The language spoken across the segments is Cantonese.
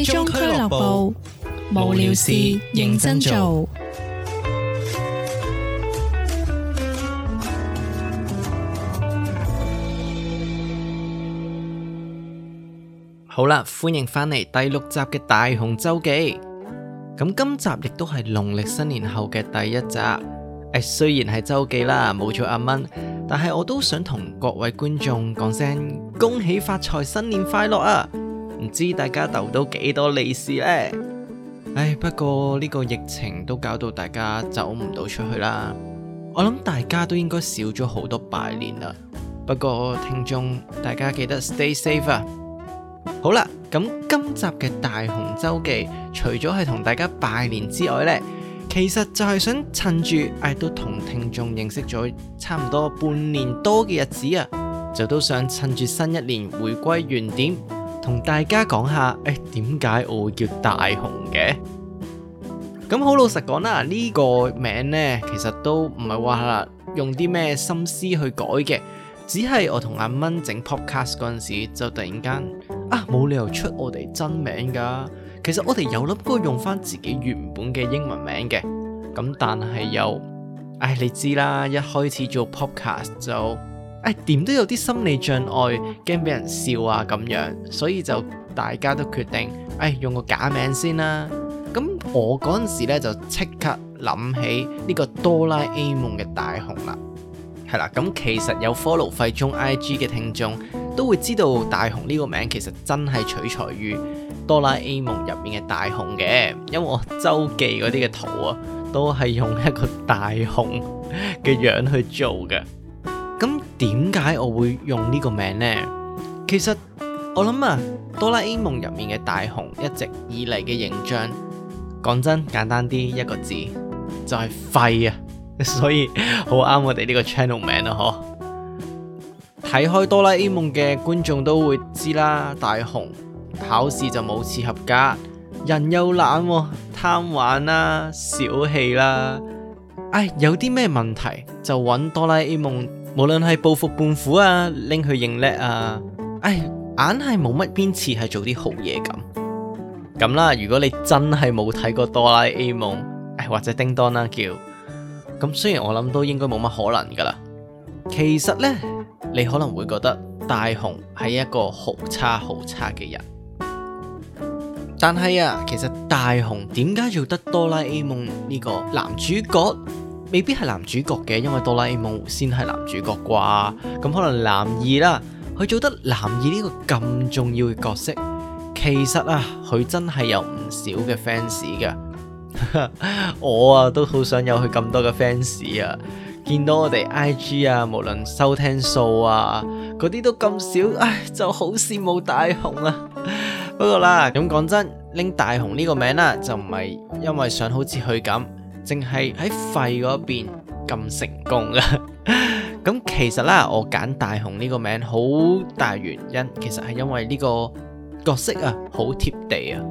最終俱樂部，無聊事認真做。好啦，歡迎返嚟第六集嘅大雄週記。咁今集亦都係農曆新年後嘅第一集。誒，雖然係週記啦，冇咗阿蚊，但係我都想同各位觀眾講聲恭喜發財，新年快樂啊！唔知大家逗到幾多利是呢？唉，不過呢個疫情都搞到大家走唔到出去啦。我諗大家都應該少咗好多拜年啦。不過聽眾大家記得 stay safe 啊！好啦，咁今集嘅大雄周記，除咗係同大家拜年之外呢，其實就係想趁住誒、啊、都同聽眾認識咗差唔多半年多嘅日子啊，就都想趁住新一年回歸原點。同大家講下，誒，點解我會叫大雄嘅？咁好老實講啦，呢個名呢，其實都唔係話啦，用啲咩心思去改嘅，只係我同阿蚊整 podcast 嗰陣時，就突然間啊，冇理由出我哋真名㗎。其實我哋有諗過用返自己原本嘅英文名嘅，咁但係又，唉，你知啦，一開始做 podcast 就。點、哎、都有啲心理障礙，驚俾人笑啊咁樣，所以就大家都決定，誒、哎、用個假名先啦。咁我嗰陣時呢就即刻諗起呢、這個哆啦 A 夢嘅大雄啦，係啦。咁其實有 follow 廢中 IG 嘅聽眾都會知道大雄呢個名其實真係取材於哆啦 A 夢入面嘅大雄嘅，因為我週記嗰啲嘅圖啊，都係用一個大雄嘅樣去做嘅。咁點解我會用呢個名呢？其實我諗啊，《哆啦 A 夢》入面嘅大雄一直以嚟嘅形象，講真簡單啲，一個字就係、是、廢啊！所以好啱 我哋呢個 channel 名咯。嗬，睇開《哆啦 A 夢》嘅觀眾都會知啦，大雄考試就冇次合格，人又懶、啊、貪玩啦、啊，小氣啦、啊，唉、哎，有啲咩問題就揾《哆啦 A 夢》。無論係報復胖虎啊，拎佢認叻啊，唉、哎，硬係冇乜邊次係做啲好嘢咁。咁啦，如果你真係冇睇過哆啦 A 夢、哎，或者叮噹啦、啊、叫，咁雖然我諗都應該冇乜可能噶啦。其實呢，你可能會覺得大雄係一個好差好差嘅人，但係啊，其實大雄點解要得哆啦 A 夢呢個男主角？未必係男主角嘅，因為哆啦 A 夢先係男主角啩。咁可能男二啦，佢做得男二呢個咁重要嘅角色，其實啊，佢真係有唔少嘅 fans 㗎。我啊都好想有佢咁多嘅 fans 啊！見到我哋 IG 啊，無論收聽數啊，嗰啲都咁少，唉，就好羨慕大雄啊。不過啦，咁講真，拎大雄呢個名啦，就唔係因為想好似佢咁。淨係喺肺嗰邊咁成功啦！咁其實啦，我揀大雄呢個名好大原因，其實係因為呢個角色啊好貼地啊！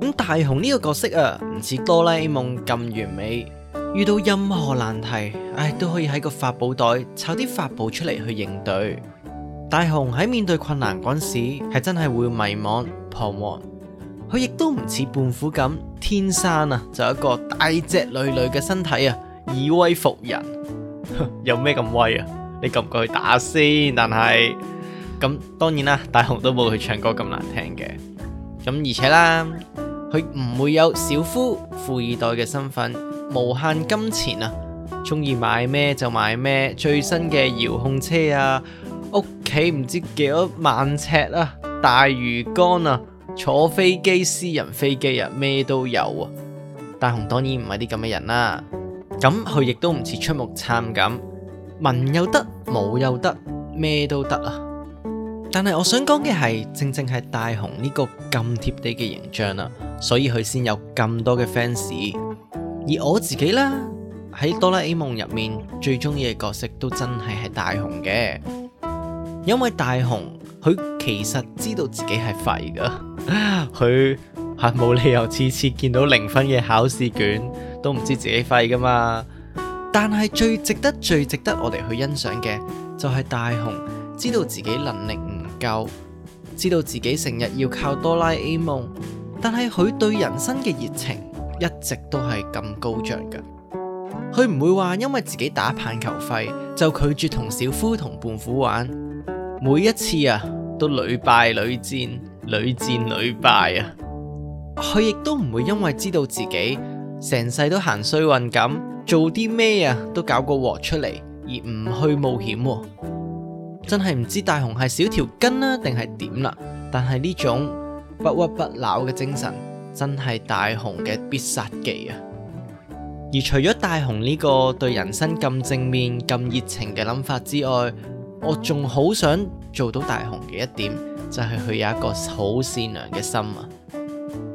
咁大雄呢個角色啊，唔似哆啦 A 夢咁完美，遇到任何難題，唉都可以喺個法寶袋抄啲法寶出嚟去應對。大雄喺面對困難嗰時，係真係會迷茫彷徨。旺旺佢亦都唔似胖虎咁天生啊，就一個大隻女女嘅身體啊，以威服人。有咩咁威啊？你撳過去打先。但係咁當然啦，大雄都冇佢唱歌咁難聽嘅。咁而且啦，佢唔會有小夫富二代嘅身份，無限金錢啊，中意買咩就買咩，最新嘅遙控車啊，屋企唔知幾多萬尺啊，大魚缸啊。坐飛機、私人飛機啊，咩都有啊！大雄當然唔係啲咁嘅人啦、啊，咁佢亦都唔似出木杉咁，文又得，武又得，咩都得啊！但係我想講嘅係，正正係大雄呢個咁貼地嘅形象啦、啊，所以佢先有咁多嘅 fans。而我自己啦，喺哆啦 A 夢入面最中意嘅角色都真係係大雄嘅，因為大雄佢。其實知道自己係廢噶，佢係冇理由次次見到零分嘅考試卷都唔知自己廢噶嘛。但係最值得、最值得我哋去欣賞嘅，就係大雄知道自己能力唔夠，知道自己成日要靠哆啦 A 夢，但係佢對人生嘅熱情一直都係咁高漲噶。佢唔會話因為自己打棒球廢就拒絕同小夫同胖虎玩。每一次啊。都屢敗屢戰，屢戰屢敗啊！佢亦都唔會因為知道自己成世都行衰運咁，做啲咩啊都搞個鑊出嚟，而唔去冒險啊。真係唔知大雄係少條筋啊，定係點啦？但係呢種不屈不撓嘅精神，真係大雄嘅必殺技啊！而除咗大雄呢個對人生咁正面、咁熱情嘅諗法之外，我仲好想。做到大雄嘅一點就係佢有一個好善良嘅心啊！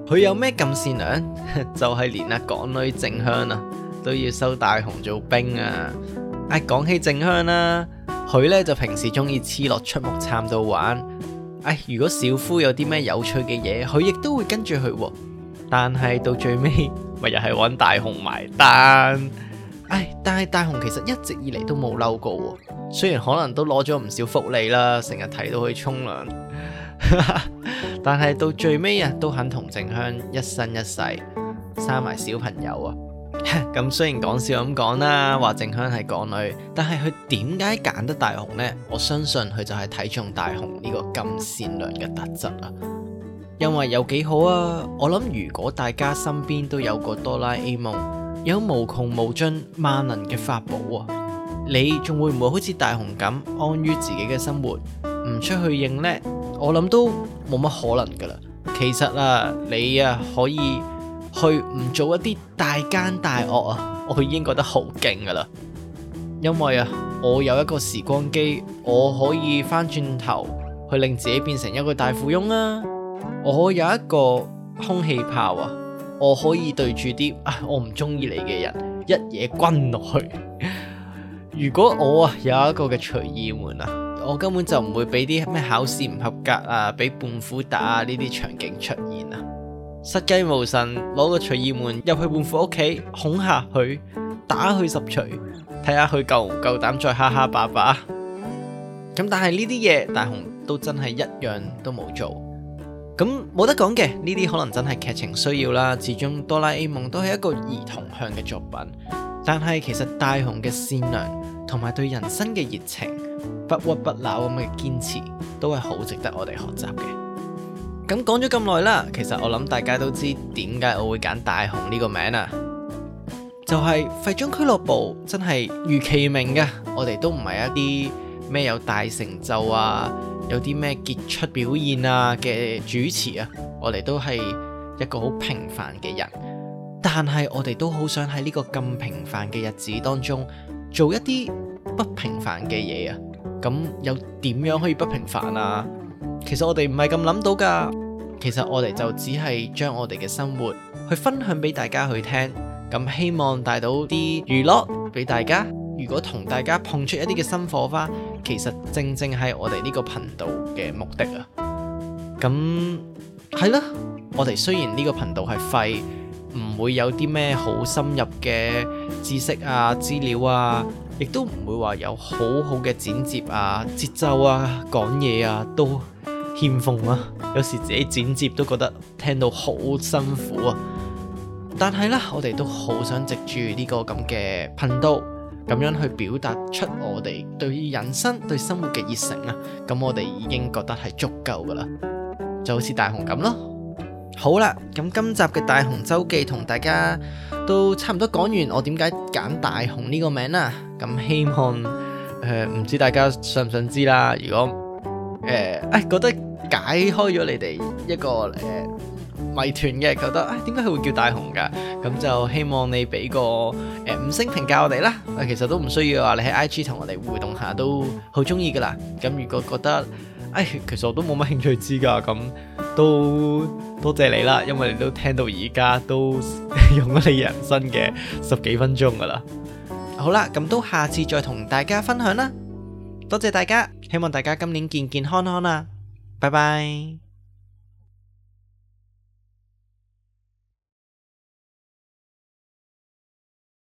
佢有咩咁善良？就係連阿港女靜香啊都要收大雄做兵啊！哎，講起靜香啦，佢呢就平時中意黐落出木杉度玩。哎，如果小夫有啲咩有趣嘅嘢，佢亦都會跟住佢。但係到最尾咪又係揾大雄埋單。哎，但係大雄其實一直以嚟都冇嬲過。雖然可能都攞咗唔少福利啦，成日睇到佢沖涼。 但係到最尾啊，都肯同靜香一生一世生埋小朋友啊。咁 雖然講笑咁講啦，話靜香係港女，但係佢點解揀得大雄呢？我相信佢就係睇中大雄呢個咁善良嘅特質啊，因為有幾好啊。我諗如果大家身邊都有個哆啦 A 夢，有無窮無盡萬能嘅法寶啊！你仲會唔會好似大雄咁安於自己嘅生活，唔出去應呢？我諗都冇乜可能噶啦。其實啊，你啊可以去唔做一啲大奸大惡啊，我已經覺得好勁噶啦。因為啊，我有一個時光機，我可以翻轉頭去令自己變成一個大富翁啊。我有一個空氣炮啊，我可以對住啲、啊、我唔中意你嘅人一嘢轟落去。 如果我啊有一個嘅隨意門啊，我根本就唔會俾啲咩考試唔合格啊，俾胖虎打啊呢啲場景出現啊。失驚無神攞個隨意門入去胖虎屋企恐嚇佢，打佢十錘，睇下佢夠唔夠膽再蝦蝦霸霸。咁但係呢啲嘢大雄都真係一樣都冇做，咁冇得講嘅，呢啲可能真係劇情需要啦。始終哆啦 A 夢都係一個兒童向嘅作品，但係其實大雄嘅善良，同埋對人生嘅熱情，不屈不撓咁嘅堅持，都係好值得我哋學習嘅。咁講咗咁耐啦，其實我諗大家都知點解我會揀大雄呢個名啊？就係廢中俱樂部真係如其名嘅，我哋都唔係一啲咩有大成就啊，有啲咩傑出表現啊嘅主持啊，我哋都係一個好平凡嘅人，但係我哋都好想喺呢個咁平凡嘅日子當中。做一啲不平凡嘅嘢啊！咁又點樣可以不平凡啊？其實我哋唔係咁諗到㗎。其實我哋就只係將我哋嘅生活去分享俾大家去聽，咁希望帶到啲娛樂俾大家。如果同大家碰出一啲嘅新火花，其實正正係我哋呢個頻道嘅目的啊！咁係啦，我哋雖然呢個頻道係廢。唔會有啲咩好深入嘅知識啊、資料啊，亦都唔會話有好好嘅剪接啊、節奏啊、講嘢啊都欠奉啊。有時自己剪接都覺得聽到好辛苦啊。但係呢，我哋都好想藉住呢個咁嘅頻道，咁樣去表達出我哋對於人生對生活嘅熱誠啊。咁我哋已經覺得係足夠噶啦，就好似大雄咁咯。好啦，咁今集嘅大雄周記同大家都差唔多講完，我點解揀大雄呢個名啦？咁希望誒，唔知大家信唔信知啦？如果誒誒覺得解開咗你哋一個誒謎團嘅，覺得誒點解佢會叫大雄噶？咁就希望你俾個誒五星評價我哋啦。誒，其實都唔需要話你喺 IG 同我哋互動下都好中意噶啦。咁如果覺得誒，其實我都冇乜興趣知噶咁。都多謝你啦，因為你都聽到而家都用咗你人生嘅十幾分鐘㗎啦。好啦，咁都下次再同大家分享啦。多謝大家，希望大家今年健健康康啦。拜拜。